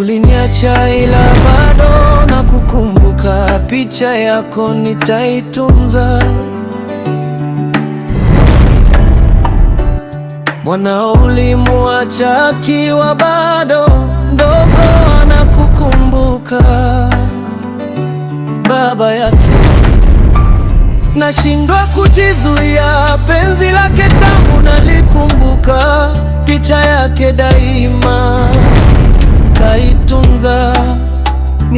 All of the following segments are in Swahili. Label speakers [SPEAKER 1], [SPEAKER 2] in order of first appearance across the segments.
[SPEAKER 1] Uliniacha ila bado na kukumbuka, picha yako nitaitunza. Mwanao ulimuacha akiwa bado ndogo, anakukumbuka baba yake. Nashindwa kujizuia, penzi lake tamu nalikumbuka, picha yake daima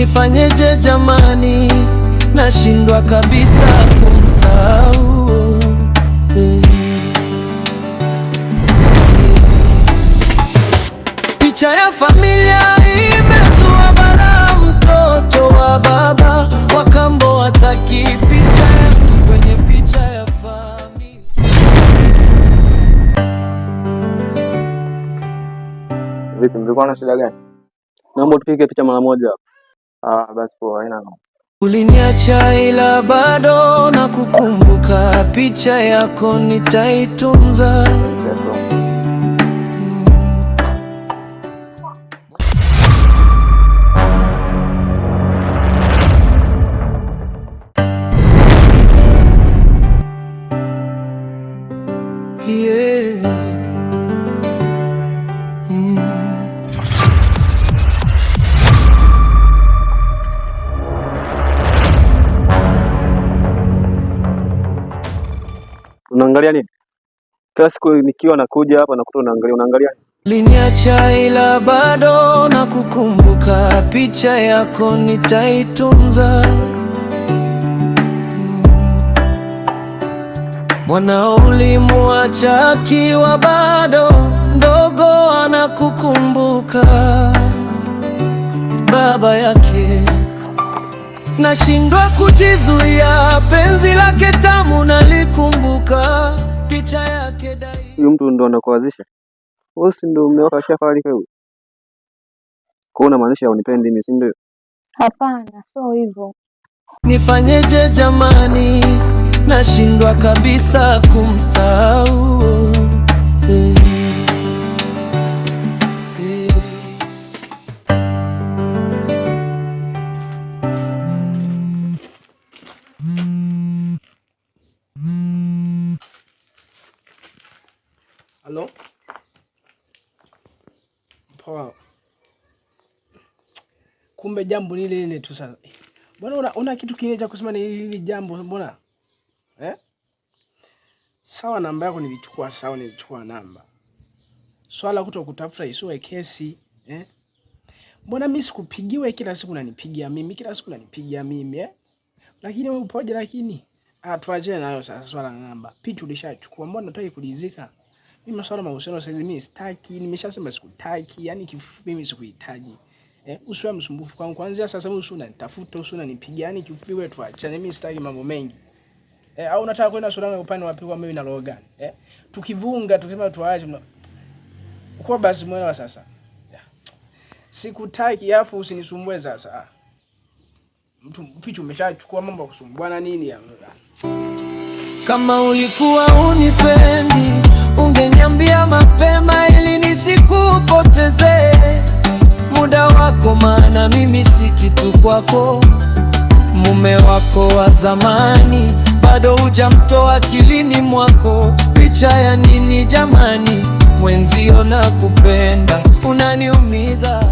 [SPEAKER 1] nifanyeje jamani, nashindwa kabisa kumsahau Picha ya familia imezua bara, mtoto wa baba wakambo wataki picha yangu kwenye picha ya familia.
[SPEAKER 2] Vipi, mlikuwa na shida gani? Naomba tupige picha mara moja hapa. Ah, basi poa, haina
[SPEAKER 1] Uliniacha ila bado na kukumbuka picha yako nitaitunza.
[SPEAKER 2] Unaangalia nini? Kila siku nikiwa nakuja hapa nakuta unaangalia unaangalia
[SPEAKER 1] Liniacha ila bado nakukumbuka, picha yako nitaitunza. Mwanao ulimuacha akiwa bado mdogo, anakukumbuka baba yake. Nashindwa kujizuia, penzi lake tamu nali
[SPEAKER 2] huyu mtu ndo anakuanzisha wewe, si ndo umewaka shafari wewe? Kwa unamaanisha unipendi mimi, si ndio?
[SPEAKER 3] Hapana, sio hivyo.
[SPEAKER 1] Nifanyeje jamani, nashindwa kabisa kumsahau. Eh.
[SPEAKER 4] poa. Kumbe jambo ni lile tu sasa. Mbona una, una kitu kingine cha kusema ni hili jambo mbona? Eh? Sawa, namba yako nilichukua, sawa nilichukua namba. Swala kuto kutafuta isiwe kesi, eh? Mbona mimi sikupigiwe kila siku nanipigia mimi, kila siku nanipigia mimi, eh? Lakini wewe upoje lakini? Ah, tuachane nayo sasa swala namba. Picha ulishachukua, mbona unataka kulizika? Mimi masuala mahusiano sasa hivi mimi sitaki, nimeshasema sikutaki, yani kifupi mimi sikuhitaji. Eh, usiwe msumbufu kwangu. kwanza. sasa hivi usiwe unanitafuta, usiwe unanipigia, yani kifupi wewe tuachane, mimi sitaki mambo mengi. Eh, au unataka kwenda sura yangu upande wapi kwa mimi na roho gani? Eh, tukivunga tukisema tuache kwa basi mwana sasa. Sikutaki, afu usinisumbue sasa. Ah. Mtu picha umeshachukua mambo ya kusumbua na nini ya.
[SPEAKER 1] Kama ulikuwa unipendi ungeniambia mapema ili nisikupoteze muda wako, maana mimi si kitu kwako. Mume wako wa zamani bado hujamtoa akilini mwako, picha ya nini jamani? Mwenzio na kupenda unaniumiza.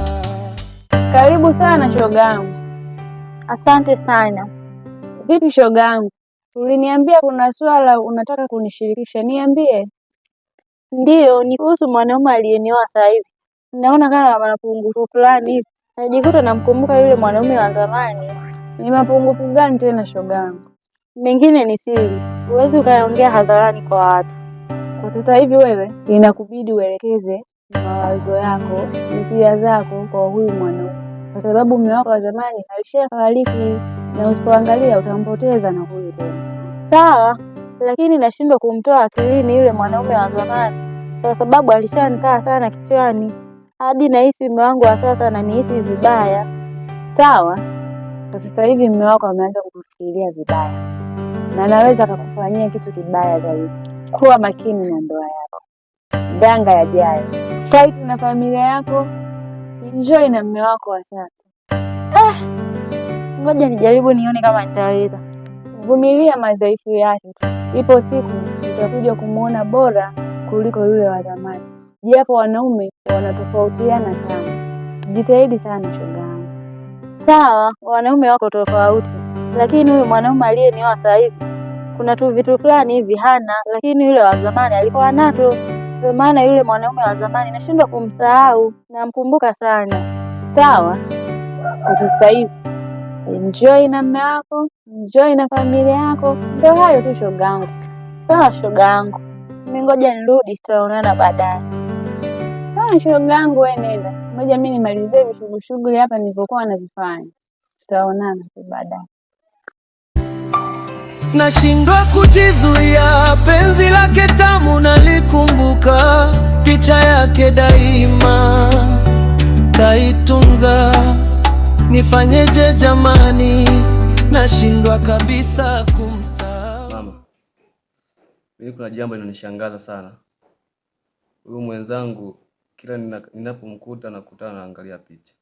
[SPEAKER 5] Karibu sana shogangu
[SPEAKER 6] Asante sana.
[SPEAKER 5] Vipi shogangu uliniambia kuna swala unataka kunishirikisha, niambie
[SPEAKER 6] ndio ni kuhusu mwanaume aliyenioa sasa hivi. Naona kama mapungufu fulani hivi, najikuta namkumbuka yule mwanaume wa zamani. Ni mapungufu gani tena, shogangu? Mengine ni siri, huwezi ukayaongea hadharani kwa watu. Kwa sasa hivi wewe inakubidi uelekeze mawazo yako, hisia zako kwa huyu mwanaume, kwa sababu mume wako wa zamani alishafariki, na usipoangalia utampoteza na huyu tena.
[SPEAKER 5] Sawa lakini nashindwa kumtoa akilini yule mwanaume wa zamani, kwa sababu alishanikaa sana kichwani hadi nahisi mume wangu wa sasa ananihisi vibaya.
[SPEAKER 6] Sawa, kwa sasa hivi mume wako ameanza kukufikiria vibaya na anaweza akakufanyia kitu kibaya zaidi. Kuwa makini na ndoa yako, danga jayo Fight na familia yako, enjoy na mume wako wa sasa.
[SPEAKER 5] Ah, ngoja nijaribu nione kama nitaweza.
[SPEAKER 6] Vumilia madhaifu yake, ipo siku utakuja kumwona bora kuliko yule wa zamani, japo wanaume wanatofautiana sana. Jitahidi sana shoga
[SPEAKER 5] Sawa, wanaume wako tofauti, lakini huyu mwanaume aliyenioa sasa hivi kuna tu vitu fulani hivi hana, lakini yule wa zamani alikuwa nato. Ndio maana yule mwanaume wa zamani nashindwa kumsahau, namkumbuka sana.
[SPEAKER 6] Sawa, sasa hivi enjoy na mme wako, enjoy na familia yako. Ndio hayo tu shogangu.
[SPEAKER 5] Sawa shogangu, mi ngoja nirudi, tutaonana baadaye. Sawa shogangu, wewe nenda, ngoja mimi nimalizie vishughushughuli hapa nilivyokuwa navifanya. Tutaonana tu baadaye.
[SPEAKER 1] Nashindwa kujizuia, penzi lake tamu nalikumbuka, picha yake daima taitunza Nifanyeje jamani, nashindwa kabisa kumsahau. Mama,
[SPEAKER 2] mimi kuna jambo linanishangaza sana. Huyu mwenzangu kila ninapomkuta nakutana naangalia picha,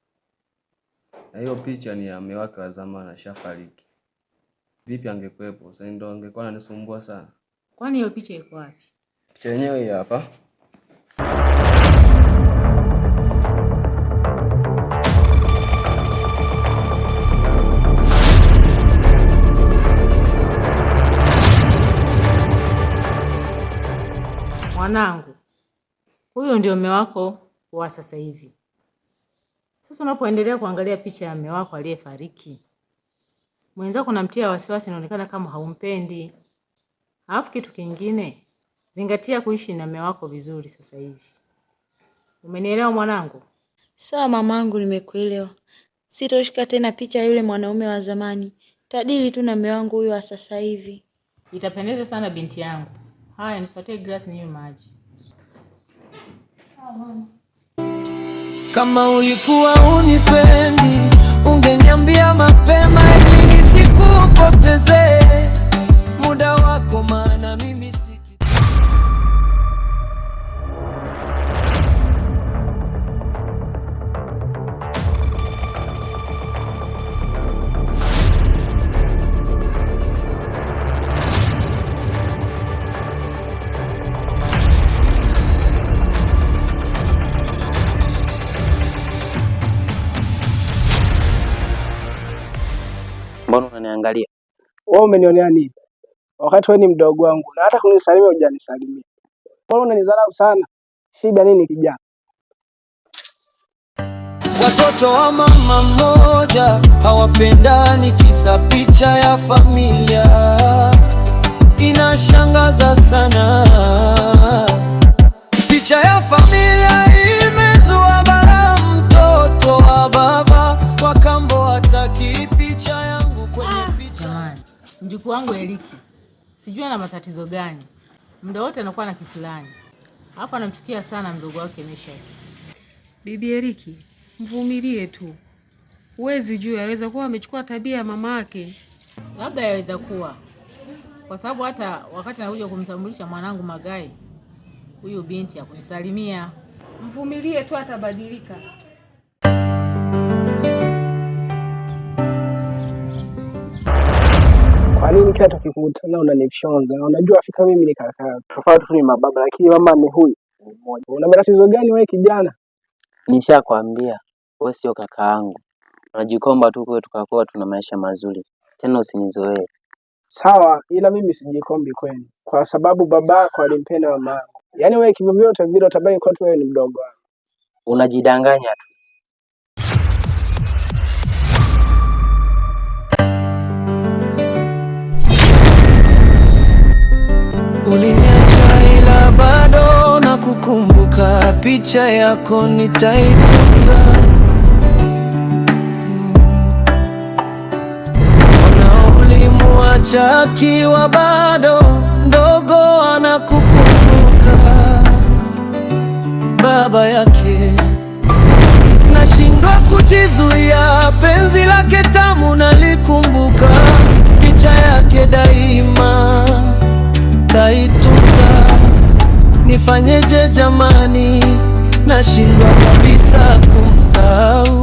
[SPEAKER 2] na hiyo picha ni ya mume wake wa zamani, ashafariki. Vipi angekuwepo sasa, ndio angekuwa ananisumbua sana.
[SPEAKER 7] Kwani hiyo picha iko wapi?
[SPEAKER 2] Picha yenyewe hii hapa.
[SPEAKER 7] mwanangu, huyu ndio mume wako wa sasa hivi. Sasa unapoendelea kuangalia picha ya mume wako aliyefariki, mwenzako wa wasiwasi, inaonekana kama haumpendi. Alafu kitu kingine, zingatia kuishi na mume wako vizuri sasa hivi. Umenielewa mwanangu?
[SPEAKER 8] Sawa mamangu, nimekuelewa. Sitoshika tena picha yule mwanaume wa zamani, tadili tu na mume wangu huyo wa sasa hivi.
[SPEAKER 7] Itapendeza sana binti yangu. Haya, nifuatie glasi ninywe maji.
[SPEAKER 8] Kama ulikuwa unipendi, ungeniambia mapema ili nisikupotezee.
[SPEAKER 2] Mbona unaniangalia? Wewe umenionea nini? Wakati wewe ni mdogo wangu na hata kunisalimia hujanisalimia. Mbona unanidharau sana? Shida nini kijana?
[SPEAKER 1] Watoto wa mama mmoja hawapendani, kisa picha ya familia. Inashangaza sana picha ya familia
[SPEAKER 7] Mjukuu wangu Eliki sijui ana matatizo gani, muda wote anakuwa na kisilani, alafu anamchukia sana mdogo wake Meshaki.
[SPEAKER 9] Bibi Eriki, mvumilie tu, huwezi jua, yaweza kuwa amechukua tabia ya mama yake,
[SPEAKER 7] labda yaweza kuwa kwa sababu hata wakati anakuja kumtambulisha mwanangu Magai, huyu binti akunisalimia
[SPEAKER 9] Mvumilie tu, atabadilika.
[SPEAKER 2] Kwa nini kila na unanifyonza? Unajua fika mimi ni kaka. Tofauti tu ni mababa lakini mama ni huyu mmoja. Una matatizo gani wewe kijana?
[SPEAKER 10] Nishakwambia wewe sio kaka yangu. Unajikomba tu kwetu tukakuwa tuna maisha mazuri. Tena usinizoee.
[SPEAKER 2] Sawa, ila mimi sijikombi kwenu kwa sababu babako alimpenda mamangu. Yaani wewe kivyovyote vile utabaki kwetu wewe ni mdogo wangu.
[SPEAKER 10] Unajidanganya tu.
[SPEAKER 1] picha yako nitaitunza, ona ulimuacha akiwa bado ndogo, anakukumbuka baba yake. Nashindwa kujizuia, penzi lake tamu nalikumbuka, picha yake daima tai nifanyeje jamani, nashindwa kabisa kumsahau